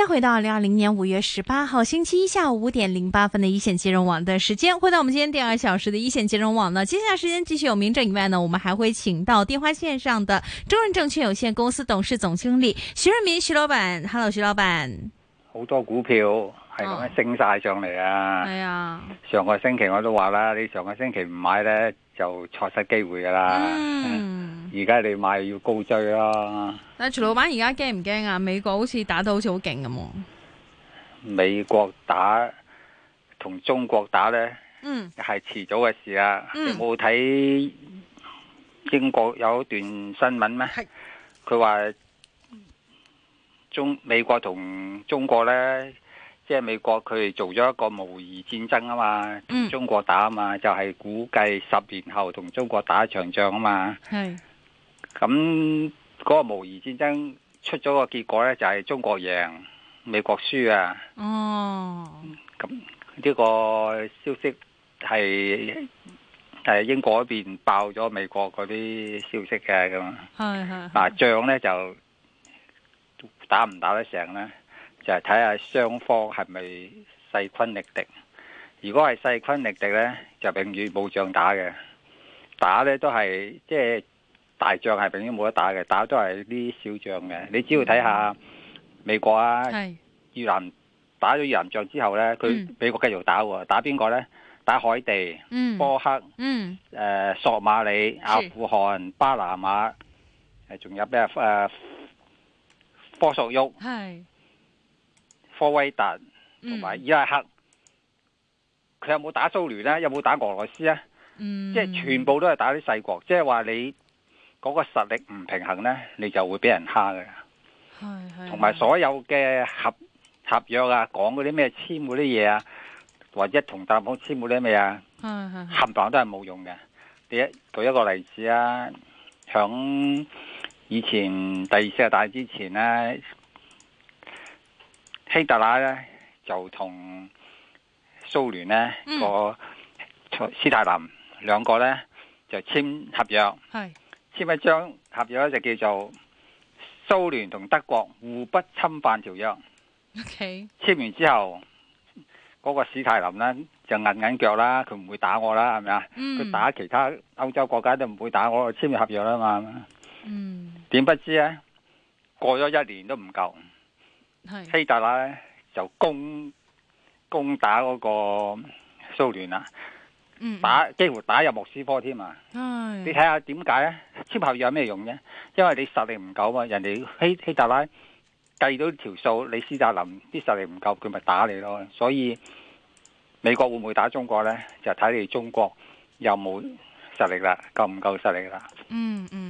先回到二零二零年五月十八號星期一下午五點零八分的一線金融網的時間，回到我們今天第二小時的一線金融網呢，接下來時間繼續有名正以外呢，我們還會請到電話線上的中潤證券有限公司董事總經理徐潤民徐老闆，Hello 徐老闆，好多股票係咁樣升晒上嚟啊。係啊，上個星期我都話啦，你上個星期唔買咧。就錯失機會噶啦，而家、嗯、你買要高追咯，啊。但徐老闆而家驚唔驚啊？美國好似打到好似好勁咁。美國打同中國打呢，係遲早嘅事啊。你冇睇英國有段新聞咩？佢話中美國同中國呢。即係美國佢哋做咗一個模擬戰爭啊嘛，同中國打啊嘛，就係、是、估計十年後同中國打一場仗啊嘛。係咁嗰個模擬戰爭出咗個結果咧，就係、是、中國贏，美國輸啊。哦，咁呢個消息係係英國嗰邊爆咗美國嗰啲消息嘅咁。係係嗱，仗咧就打唔打得成咧？就係睇下雙方係咪勢均力敵。如果係勢均力敵咧，就永遠冇仗打嘅。打咧都係即係大仗，係永遠冇得打嘅。打都係啲小仗嘅。你只要睇下美國啊，mm. 越南打咗越南仗之後咧，佢、mm. 美國繼續打喎。打邊個咧？打海地、mm. 波克、誒、mm. 索馬里、阿富汗、巴拿馬，係仲是有咩誒科索沃？係、啊。科威特同埋伊拉克，佢有冇打蘇聯咧？有冇打俄羅斯咧？嗯、即係全部都係打啲細國，即係話你嗰個實力唔平衡呢，你就會俾人蝦嘅。係同埋所有嘅合合約啊，講嗰啲咩簽嗰啲嘢啊，或者同特朗普簽嗰啲咩啊，冚唪唥都係冇用嘅。第一，舉一個例子啊，響以前第二次世界大戰之前呢、啊。希特拉咧就同蘇聯呢個、嗯、斯泰林兩個呢，就簽合約，簽是一張合約就叫做《蘇聯同德國互不侵犯條約》okay。OK，簽完之後，嗰、那個斯泰林呢，就硬硬腳啦，佢唔會打我啦，係咪啊？佢、嗯、打其他歐洲國家都唔會打我，簽完合約啦嘛。嗯，點不知呢，過咗一年都唔夠。是希特拉咧就攻攻打嗰個蘇聯啊，嗯、打幾乎打入莫斯科添嘛、啊。是你睇下點解咧？簽合約有咩用啫？因為你實力唔夠嘛，人哋希希特拉計到條數，你斯大林啲實力唔夠，佢咪打你咯。所以美國會唔會打中國咧？就睇你中國有冇實力啦，夠唔夠實力啦、嗯。嗯嗯。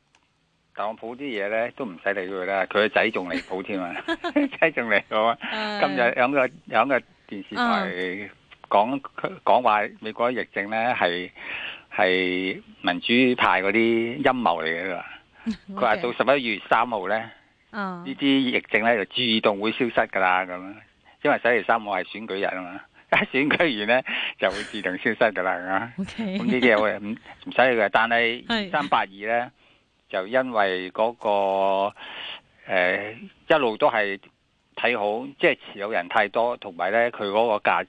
特朗普啲嘢咧都唔使理佢啦，佢個仔仲離譜添啊！仔仲離譜啊！ 嗯、今日有一個有一個電視台講講話美國疫症咧係係民主派嗰啲陰謀嚟嘅啦，佢話到十一月三號咧呢啲、 嗯、疫症咧就自動會消失噶啦咁，因為十一月三號係選舉日啊嘛，一選舉完咧就會自動消失噶啦啊！咁呢啲我唔唔使佢，但係三八二咧。就因為嗰、嗰個、呃、一路都係睇好，即係持有人太多，同埋咧佢嗰個價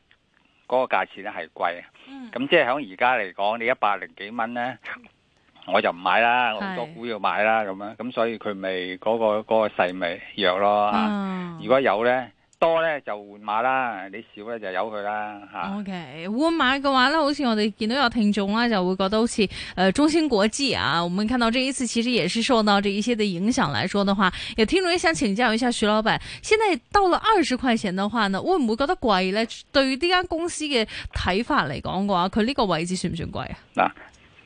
嗰、嗰個價錢咧係貴，咁、嗯、即係喺而家嚟講，你一百零幾蚊咧，我就唔買啦，好多股要買啦，咁是樣咁所以佢咪嗰個嗰個勢咪、嗰個、弱咯、啊。如果有咧。多咧就換馬啦，你少咧就由佢啦嚇。O K，換馬嘅話咧，好似我哋見到有聽眾啦、啊，就會覺得好似誒、呃、中芯國際啊。我們看到這一次其實也是受到這一些的影響來說的話，有聽眾也想請教一下徐老闆，現在到了二十塊錢的話呢，會唔會覺得貴呢？對於呢間公司嘅睇法嚟講嘅話，佢呢個位置算唔算貴啊？嗱、啊，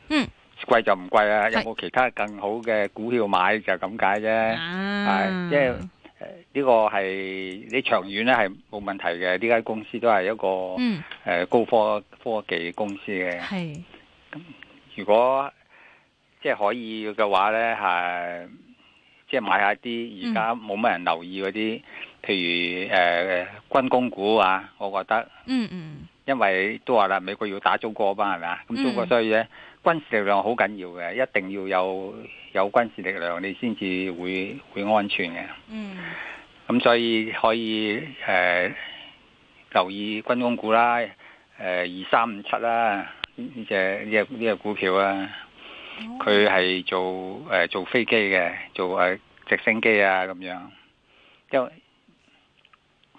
嗯，貴就唔貴啊，有冇其他更好嘅股票買就咁解啫，係、啊，即係。 呢個係你、這個、長遠咧係冇問題嘅，呢間公司都係一個誒、嗯呃、高科科技公司嘅。係是，咁如果即係可以嘅話咧，係、啊、即係買一下啲而家冇乜人留意嗰啲，譬、嗯、如誒、呃、軍工股啊，我覺得。嗯嗯。嗯，因為都話啦，美國要打中國班係咪啊？咁中國、嗯、所以咧，軍事力量好緊要嘅，一定要有。有軍事力量，你先至會會安全嘅。嗯，咁所以可以誒、呃、留意軍工股啦，誒二三五七啦，呢隻呢隻呢隻股票啦。佢係做誒、呃、做飛機嘅，做誒、啊、直升機啊咁樣，因為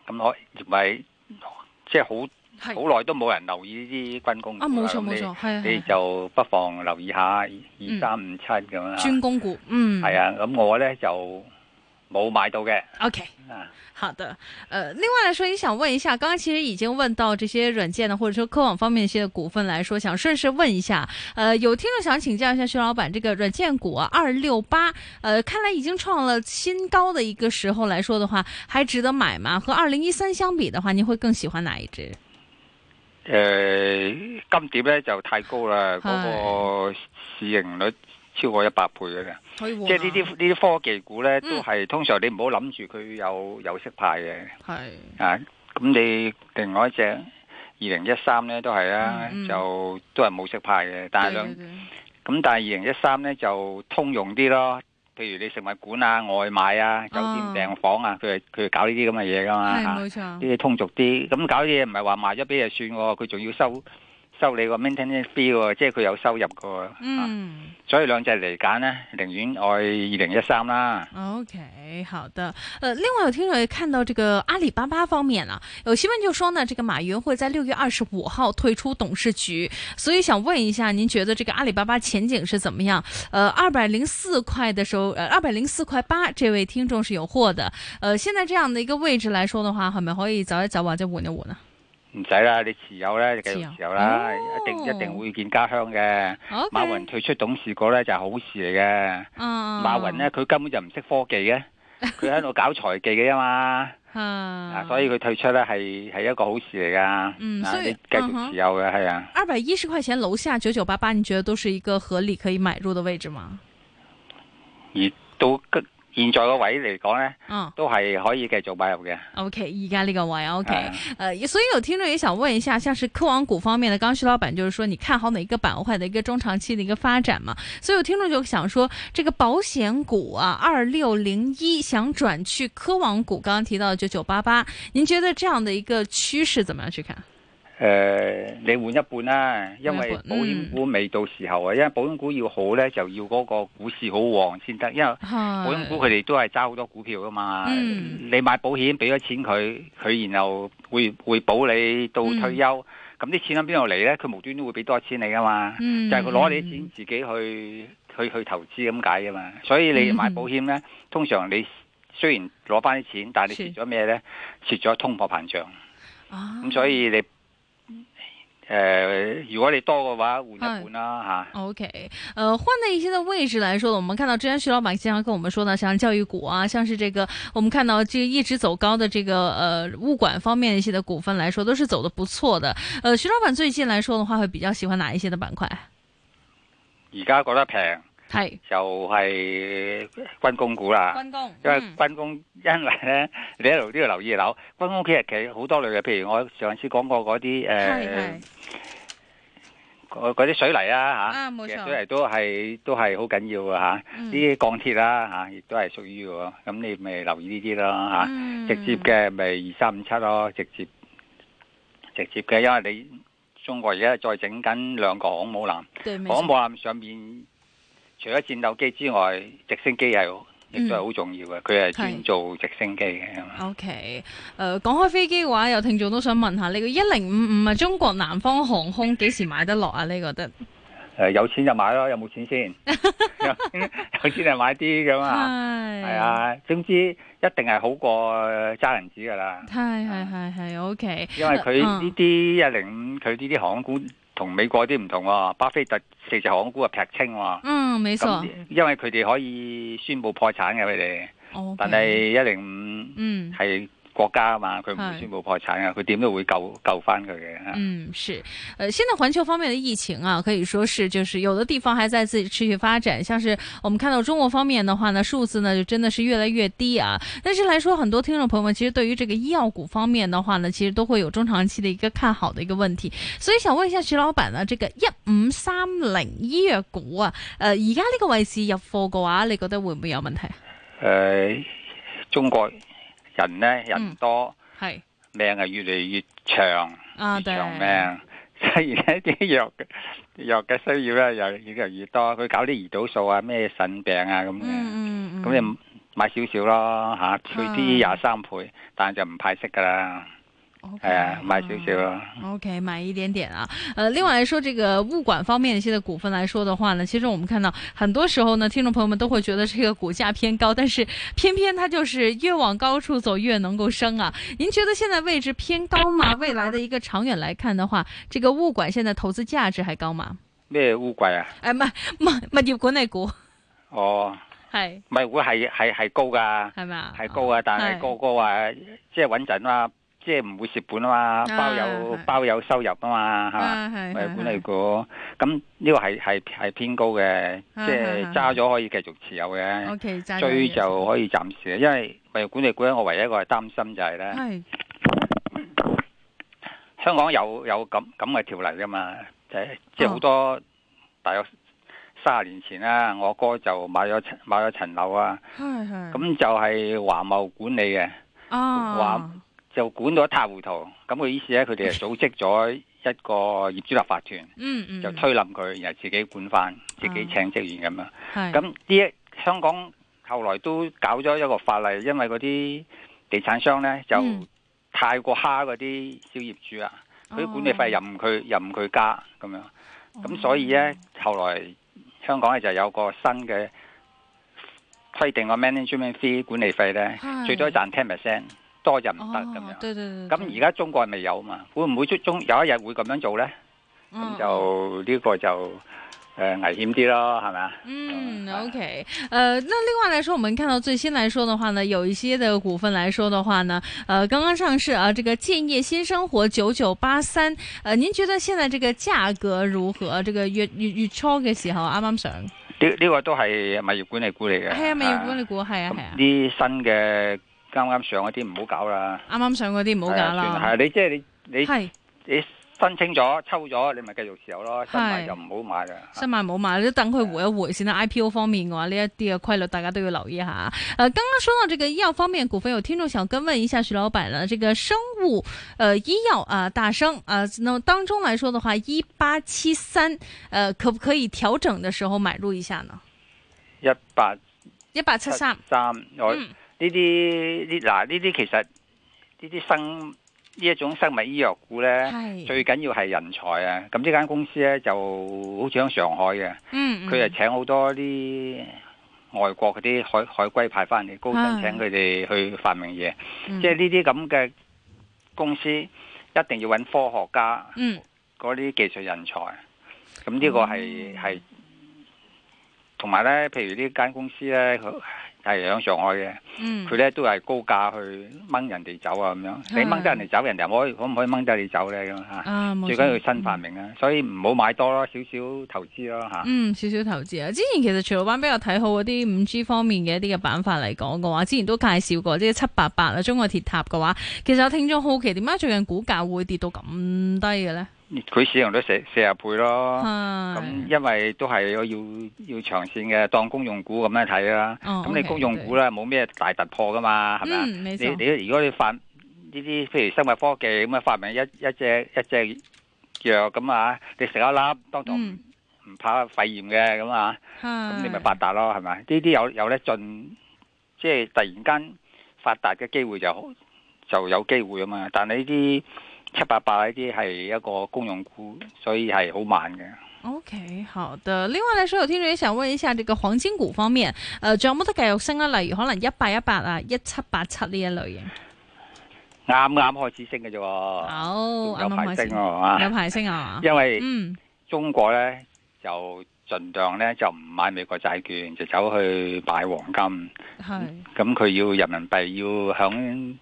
咁我唔係即係好。好耐都冇人留意呢啲軍工股啦，你你就不妨留意下二三五七咁樣。軍工股，嗯，係啊，咁我咧就冇買到嘅。OK，嗯。好的，呃，另外來說，想問一下，剛剛其實已經問到這些軟件啦，或者說科網方面一些股份來說，想順勢問一下，呃，有聽眾想請教一下徐老闆，這個軟件股二六八，呃，看來已經創了新高的一個時候來說的話，還值得買嗎？和二零一三相比的話，你會更喜歡哪一隻？誒、呃，金碟咧就太高啦，嗰是個市盈率超過一百倍嘅，即係呢啲呢啲科技股咧、嗯、都係通常你唔好諗住佢有有息派嘅，係是啊，咁你另外一隻二零一三咧都係啊，嗯、就都係冇息派嘅，但係兩咁但係二零一三咧就通用啲咯。譬如你食物館啊、外賣啊、酒店訂房啊，佢哋佢哋搞呢啲咁嘅嘢㗎嘛。啲、啊、通俗啲，咁、嗯、搞啲嘢唔係話賣咗俾就算喎、哦，佢仲要收。收你個 maintenance fee 喎，b, 即係佢有收入噶嗯、啊，所以兩隻嚟揀呢，寧願愛二零一三啦。OK，好的。呃，另外有聽眾也看到這個阿里巴巴方面啦、啊，有新聞就說呢，這個馬雲會在六月二十五號退出董事局，所以想問一下，您覺得這個阿里巴巴前景是怎麼樣？呃，二百零四塊的時候，二百零四塊八，8, 這位聽眾是有貨的。呃，現在這樣的一個位置來說的話，可唔可以早一早或者穩一穩呢？唔使啦，你持有咧繼續持有啦，有哦、一定一定會見家鄉嘅。Okay, 馬雲退出董事局咧就係、是、好事嚟嘅。嗯、馬雲呢，佢根本就唔識科技嘅，佢喺度搞財技嘅嘛 啊。所以佢退出咧係係一個好事嚟噶、嗯啊。你繼續持有嘅係啊。二百一十塊錢樓下九九八八，你覺得都是一個合理可以買入嘅位置嗎？而都現在個位嚟講呢，都係可以繼續買入嘅。O K，而家呢個位 O K，誒，okay. uh, 所以有聽眾也想問一下，像是科網股方面呢，剛剛徐老闆就是說，你看好哪一個板塊的一個中長期的一個發展嘛？所以有聽眾就想說，這個保險股啊，二六零一想轉去科網股，剛剛提到九九八八，您覺得這樣的一個趨勢怎麼樣去看？誒、呃，你換一半啦，因為保險股未到時候啊，嗯、因為保險股要好咧，就要嗰個股市好旺先得。因為保險股佢哋都係揸好多股票噶嘛，嗯、你買保險俾咗錢佢，佢然後會會保你到退休，咁啲、嗯、錢喺邊度嚟咧？佢無端端會俾多錢你噶嘛？嗯、就係佢攞你啲錢自己去去去投資咁解噶嘛。所以你買保險咧，通常你雖然攞翻啲錢，但係你蝕咗咩咧？蝕咗通貨膨脹。咁所以你。嗯嗯誒、呃，如果你多嘅話，換一換啦吓。Hey, OK，誒、呃，換到一些嘅位置來說，我們看到之前徐老闆經常跟我們說呢，像教育股啊，像是這個，我們看到這個一直走高的這個，誒、呃，物管方面一些的股份來說，都是走得不錯的。誒、呃，徐老闆最近來說的話，會比較喜歡哪一些的板塊？而家覺得平，係 Hey. 就係軍工股啦，軍工，嗯、因為軍工，因為呢，你一路都要留意樓，軍工其實其實好多類嘅，譬如我上次講過嗰啲，誒、呃。Hey. hey. 嗰啲水泥啊，嚇、啊，其實水泥都係都係好緊要嘅嚇，呢啲鋼鐵啦、啊、嚇，亦都係屬於喎。咁你咪留意呢啲咯嚇，直接嘅咪二三五七咯，直接直接嘅，因為你中國而家再整緊兩個航母艦，航母對艦上面除咗戰鬥機之外，直升機係。亦都係好重要嘅，佢係專做直升機嘅。O K，誒講開飛機嘅話，有聽眾都想問下呢、呢個一零五五係中國南方航空幾時買得落啊？呢、呢個得誒、呃、有錢就買咯，有冇錢先？ 有錢就買啲咁 啊，係啊，總之一定係好過揸銀紙噶啦。係係係係，O K。因為佢呢啲一零五，佢呢啲航空同美國啲唔同喎、啊，巴菲特四隻航空股啊劈清喎。嗯，冇錯。因為佢哋可以宣布破產嘅佢哋，Okay. 但係一零五嗯，係。國家啊嘛，佢唔會宣布破產啊，佢點是都會救救翻佢嘅。嗯，是，誒、呃，現在環球方面嘅疫情啊，可以說是就是有的地方還在自己持續發展，像是我們看到中國方面的話呢，呢數字呢就真的是越來越低啊。但是來說，很多聽眾朋友們其實對於這個醫藥股方面的話呢，其實都會有中長期的一個看好的一個問題。所以想問一下徐老闆呢，這個一五三零醫藥股，啊，誒而家呢個位置入貨嘅話，你覺得會唔會有問題啊？誒、呃，中國。人咧、嗯、人多，是命係越嚟越長，啊、越長命，所以咧啲藥嘅藥嘅需要咧又越嚟越多，佢搞啲胰島素啊，咩腎病啊咁樣，咁你、嗯嗯嗯、買少少咯，吓、啊，最啲廿三倍，啊、但係就唔派息噶啦。係啊，買少少咯。OK，買、okay, 一點點啊。呃，另外來說，這個物管方面，現在股份來說的話呢，其實我們看到很多時候呢，聽眾朋友們都會覺得這個股價偏高，但是偏偏它就是越往高處走越能夠升啊。您覺得現在位置偏高嗎？未來的一個長遠來看的話，這個物管現在投資價值還高嗎？咩物管啊？誒、哎，唔唔唔要國內股。吧是哦。係。咪會係係係高噶係咪啊？係高啊，但係個個話即係穩陣啦。即係唔會蝕本啊嘛，包有包有收入啊嘛，係嘛，係物業管理股咁，呢個係係係偏高嘅，即係揸咗可以繼續持有嘅。O K，追就可以暫時，因為物業管理股咧，我唯一一個係擔心就係咧，香港有有咁咁嘅條例噶嘛，即係即係好多大約卅年前啦，我哥就買咗買咗層樓啊，咁就係華懋管理嘅，華。就管到一塌糊塗，咁、那、佢、個、意思咧，佢哋就組織咗一個業主立法團，嗯嗯、就推冧佢，然後自己管翻，自己請職員咁、啊、樣。咁啲是香港後來都搞咗一個法例，因為嗰啲地產商咧就、嗯、太過蝦嗰啲小業主啊，啲管理費任佢、哦、任佢加咁樣。咁所以咧，嗯、後來香港咧就有個新嘅規定個 management fee 管理費咧，是最多賺 ten percent。多人唔得咁樣，咁而家中國未有啊嘛，會唔會出中有一日會咁樣做咧？咁就呢個就誒危險啲咯，係咪啊？嗯，嗯，OK，誒、uh,，那另外嚟說，我們看到最新嚟說的話呢，有一些嘅股份來說的話呢，誒、呃，剛剛上市啊，這個建業新生活九九八三，誒，您覺得現在這個價格如何？這個月月月初嘅時候，啱啱上？呢、這個？呢、這個都係物業管理股嚟嘅，係啊，物業管理股係啊係啊，啲、嗯啊、新嘅。 啱啱上嗰啲唔好搞啦，啱啱上嗰啲唔好搞啦。係你即係你你你申請咗抽咗，你咪繼續持有咯。新買就唔好買啦，新買唔好買，你等佢回一回先啦。哎、呀 IPO 方面嘅話，呢一啲嘅規律大家都要留意下。誒、呃，剛剛說到這個醫藥方面股份，有聽眾想跟問一下徐老闆啦，這個生物誒、呃、醫藥啊、呃、大生啊、呃，那麼當中來說的話，一八七三誒，可唔可以調整的時候買入一下呢？一八一八七三三呢啲呢嗱，呢啲其實呢啲生呢一種生物醫藥股咧，是最緊要係人才啊！咁呢間公司咧就好似喺上海嘅，佢係、嗯嗯、請好多啲外國嗰啲海海歸派翻嚟，高薪請佢哋去發明嘢。即係呢啲咁嘅公司，一定要搵科學家，嗰啲、嗯、技術人才。咁、嗯、呢個係係同埋咧，譬如呢間公司咧。係喺上海嘅，佢咧、嗯、都係高價去掹人哋走啊，咁樣的你掹得人哋走，人哋可可唔可以掹得你走咧咁啊？最緊要新發明啊，所以唔好買多咯，少少投資咯吓。啊、嗯，少少投資啊。之前其實徐老闆比較睇好嗰啲五 G 方面嘅一啲嘅板塊嚟講嘅話，之前都介紹過即係七八八啊，88, 中國鐵塔嘅話，其實我聽眾好奇點解最近股價會跌到咁低嘅咧？佢市用咗四十倍咯，咁、嗯、因為都係要要長線嘅，當公用股咁樣睇啦。咁你、哦 okay，公用股咧冇咩大突破噶嘛，係咪、嗯、你你如果你發呢啲譬如生物科技咁啊，發明一一隻一隻藥咁啊，你食一粒當唔、嗯、怕肺炎嘅咁啊，咁你咪發達咯，係咪是？呢啲對有有咧進，即係、就是、突然間發達嘅機會就有就有機會啊嘛。但係呢啲。七百八呢啲係一個公用股，所以係好慢嘅。OK，好的。另外呢，有聽眾也想問一下，這個黃金股方面，誒，仲有冇得繼續升咧？例如可能一八一八啊，一七八七呢一類嘅。啱啱開始升嘅啫，有啱啱開始升啊，有排升啊。因為嗯，中國呢就盡量呢就唔買美國債券，就走去買黃金。係。咁佢要人民幣要響。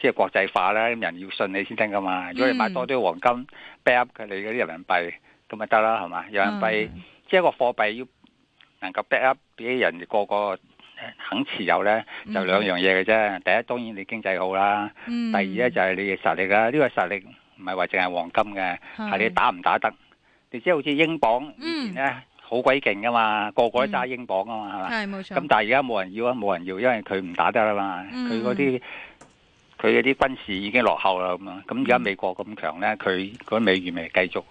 即係國際化啦，啲人要信你先得噶嘛。如果你買多啲黃金，back up 佢你嗰啲人民幣，咁咪得啦，係嘛？人民幣即係個貨幣要能夠 back up 俾人個個肯持有咧，就兩樣嘢嘅啫。第一當然你經濟好啦，第二咧就係你嘅實力啦。呢個實力唔係話淨係黃金嘅，係你打唔打得。你即係好似英鎊以前咧，好鬼勁噶嘛，個個都揸英鎊噶嘛，係嘛？係冇錯。咁但係而家冇人要啊，冇人要，因為佢唔打得啦嘛，佢啲。佢嗰啲軍事已經落後啦，咁啊，咁而家美國咁強咧，佢嗰美元未繼續，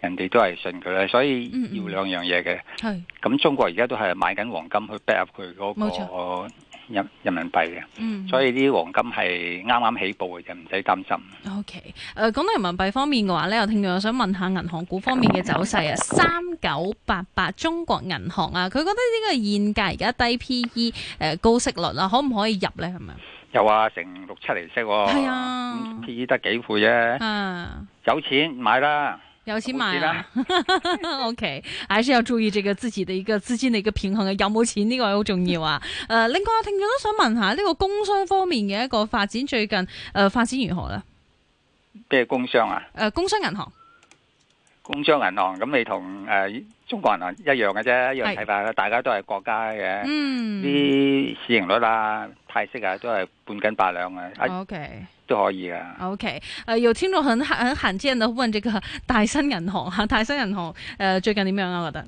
人哋都係信佢咧，所以要兩樣嘢嘅。係、嗯，咁、嗯、中國而家都係買緊黃金去 back up 佢嗰個人人民幣嘅錯、嗯。嗯，嗯所以啲黃金係啱啱起步嘅，就唔使擔心。OK，誒、啊，講到人民幣方面嘅話咧，有聽眾想問下銀行股方面嘅走勢啊，三九八八中國銀行啊，佢覺得呢個現價而家低 PE 誒、呃、高息率啊，可唔可以入咧？係咪？又話成六七厘息啊，咁 P 得幾倍啫。嗯，多多啊、有錢買啦，有錢買、啊、啦。 o、okay, K，還是要注意這個自己的一個資金的一個平衡啊。有冇錢呢、這個好重要啊。誒、 呃，另外聽眾都想問下呢、這個工商方面嘅一個發展最近誒、呃、發展如何咧？咩工商啊？誒、呃，工商銀行。工商銀行，咁你同誒、呃、中國銀行一樣嘅啫，一樣睇法啦。是大家都係國家嘅，嗯，啲市盈率啊。泰式啊，都係半斤八兩啊，啊，OK，都可以啊。OK，誒、呃，有聽眾很很罕見地問這個大新銀行吓，大新銀行誒、啊呃，最近點樣啊？我覺得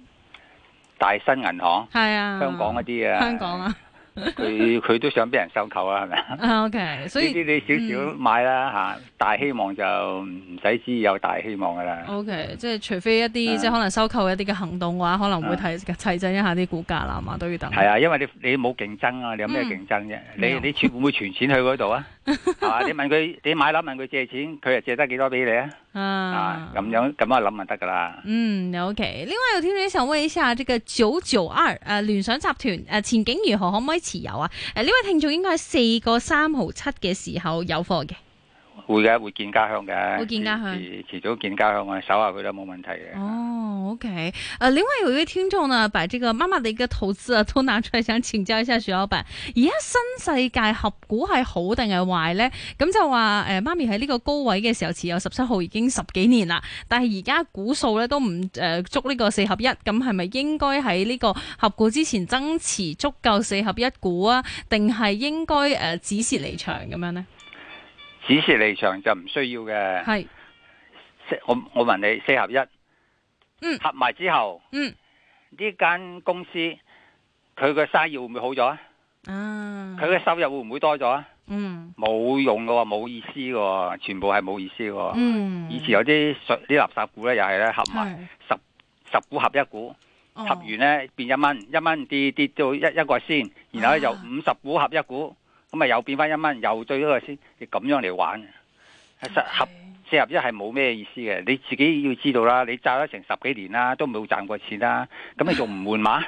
大新銀行係 Yeah, 啊，香港嗰啲啊，香港啊。 佢佢 都想俾人收購啊，係咪？啊，OK，所以你少少買啦吓，嗯、大希望就唔使知有大希望噶啦。OK，即係除非一啲、嗯、即係可能收購一啲嘅行動嘅、啊、話，可能會提、嗯、提振一下啲股價啦嘛，都要等。係啊，因為你你冇競爭啊，你有咩競爭啫、啊嗯？你你儲會唔會存錢去嗰度啊？ 啊！你問佢，你買樓問佢借錢，佢又借得幾多俾你啊？啊，咁樣咁樣諗就得噶啦？嗯，OK。另外有聽眾想問一下呢個九九二誒聯想集團誒、啊、前景如何，可唔可以持有啊？誒呢位聽眾應該係四個三毫七嘅時候有貨嘅。會嘅，會見家鄉嘅，會見家鄉，遲早見家鄉，我哋守下佢都冇問題嘅。哦，OK，誒、呃，另外有一位聽眾呢，把這個媽媽的一個投資啊，都拿出來想請教一下徐老闆，而家新世界合股係好定係壞咧？咁就話誒，媽、呃、咪喺呢個高位嘅時候持有十七號已經十幾年啦，但係而家股數咧都唔誒足呢個四合一，咁係咪應該喺呢個合股之前增持足夠四合一股啊？定係應該誒止蝕離場咁樣咧？止蝕離場就唔需要嘅，係是我我問你四合一，嗯、合埋之後，呢間、嗯、公司佢個生意會唔會好咗啊？啊！佢嘅收入會唔會多咗啊？嗯，冇用嘅喎，冇意思嘅，全部係冇意思嘅。嗯，以前有啲啲垃圾股咧，又係咧，合埋十十股合一股，哦、合完咧變一蚊，一蚊跌跌，跌到一一個先，然後又五十股合一股。咁咪又變翻一蚊，又對咗個先，你咁樣嚟玩嘅，係實合。 四合一係冇咩意思嘅，你自己要知道啦。你揸咗成十幾年啦，都冇賺過錢啦，咁你仲唔換馬？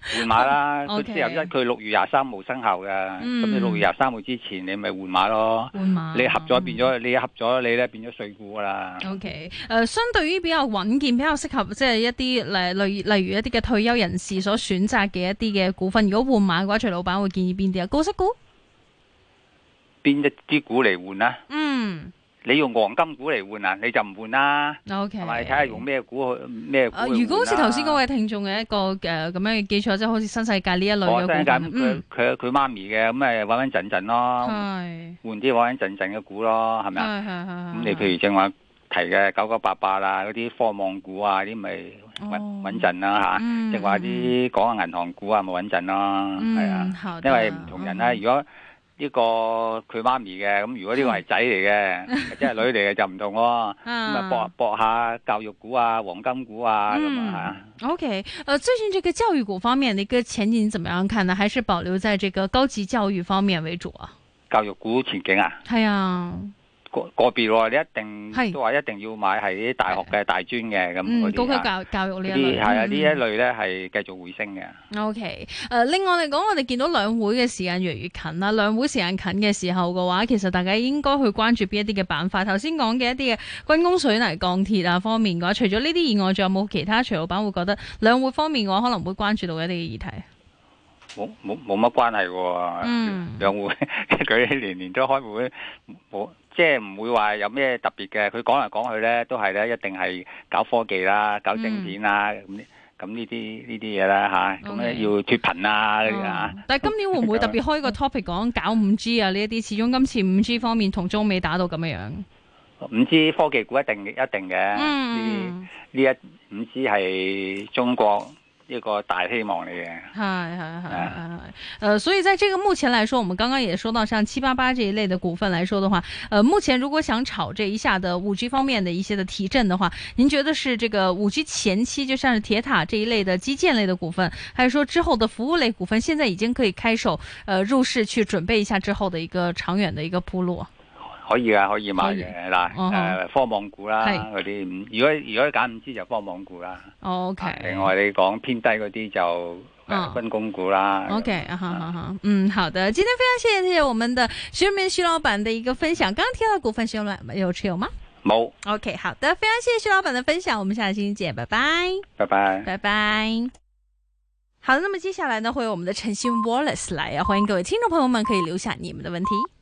換 馬啦！佢 Okay. 四合一佢六月廿三號生效嘅，咁你六月廿三號之前你咪換馬咯。換馬，你合咗變咗，你合咗你咧變咗碎股噶啦。O K，誒，相對於比較穩健、比較適合即係、就是、一啲例例如一啲嘅退休人士所選擇嘅一啲嘅股份，如果換馬嘅話，徐老闆會建議邊啲啊？高息股？邊一支股嚟換啊？嗯。你用黃金股嚟換啊？你就唔換啦。O K，睇下用咩股去咩股？如果好似頭先嗰位聽眾嘅一個誒咁樣嘅基礎，即係好似新世界呢一類嘅股，我真係咁佢佢佢媽咪嘅咁誒穩穩陣陣咯，換啲穩穩陣陣嘅股咯，係咪啊？咁你譬如正話提嘅九九八八啦，嗰啲科望股啊，啲咪穩穩陣啦嚇？即話啲講下銀行股啊，咪穩陣咯，係啊，因為唔同人啊，如果。呢個佢媽咪嘅咁，如果呢個係仔嚟嘅，即係 女嚟嘅就唔同喎。咁啊、 嗯、博博下教育股啊、黃金股啊咁啊嚇。OK，誒、呃、最近這個教育股方面嘅一、那個前景怎麼樣看呢？還是保留在這個高級教育方面為主啊？教育股前景啊？係啊、哎。個個別你一定都話一定要買，係啲大學嘅大專嘅咁嗰高級教教育呢一類係啊，呢的、嗯、一類咧係繼續回升嘅。O K，誒，另外嚟講，我哋見到兩會嘅時間越嚟越近啦。兩會時間近嘅時候嘅話，其實大家應該去關注邊一啲嘅板塊。頭先講嘅一啲嘅軍工、水泥、鋼鐵啊方面嘅話，除咗呢啲以外，仲有冇其他？徐老闆會覺得兩會方面嘅話，可能會關注到一啲嘅議題。冇冇冇乜關係喎，兩會佢年年都開會，冇即係唔會話有咩特別嘅。佢講嚟講去咧，都係咧，一定係搞科技啦，搞晶片啦，咁咁呢啲呢啲嘢啦吓，咁咧要脫貧啊，啊！但係今年會唔會特別開個 topic 講搞五 G 啊？呢一啲，始終今次五 G 方面同中美打到咁嘅樣，五 G 科技股一定一定嘅，呢呢一五 G 係中國。一個大希望嚟嘅，係係係係係，誒，所以在這個目前來說，我們剛剛也說到，像七八八這一類的股份來說的話，呃，目前如果想炒這一下的五 G 方面的一些的提振的話，您覺得是這個五 G 前期，就像是鐵塔這一類的基建類的股份，還是說之後的服務類股份，現在已經可以開手，呃，入市去準備一下之後的一個長遠的一個鋪路？可以啊，可以買嘅嗱，誒，科網股啦嗰啲，如果如果揀五支就科網股啦。O K。另外你講偏低嗰啲就分公股啦。O K，好，好，好，嗯，好的，今天非常謝謝我們的徐潤民徐老闆的一個分享。剛剛提到股份徐老闆有持有嗎？冇。O K，好的，非常謝謝徐老闆的分享。我們下星期再見，拜拜。拜拜，拜拜。好，那麼接下來呢，會有我們的陳新 Wallace 來，歡迎各位聽眾朋友們可以留下你們的問題。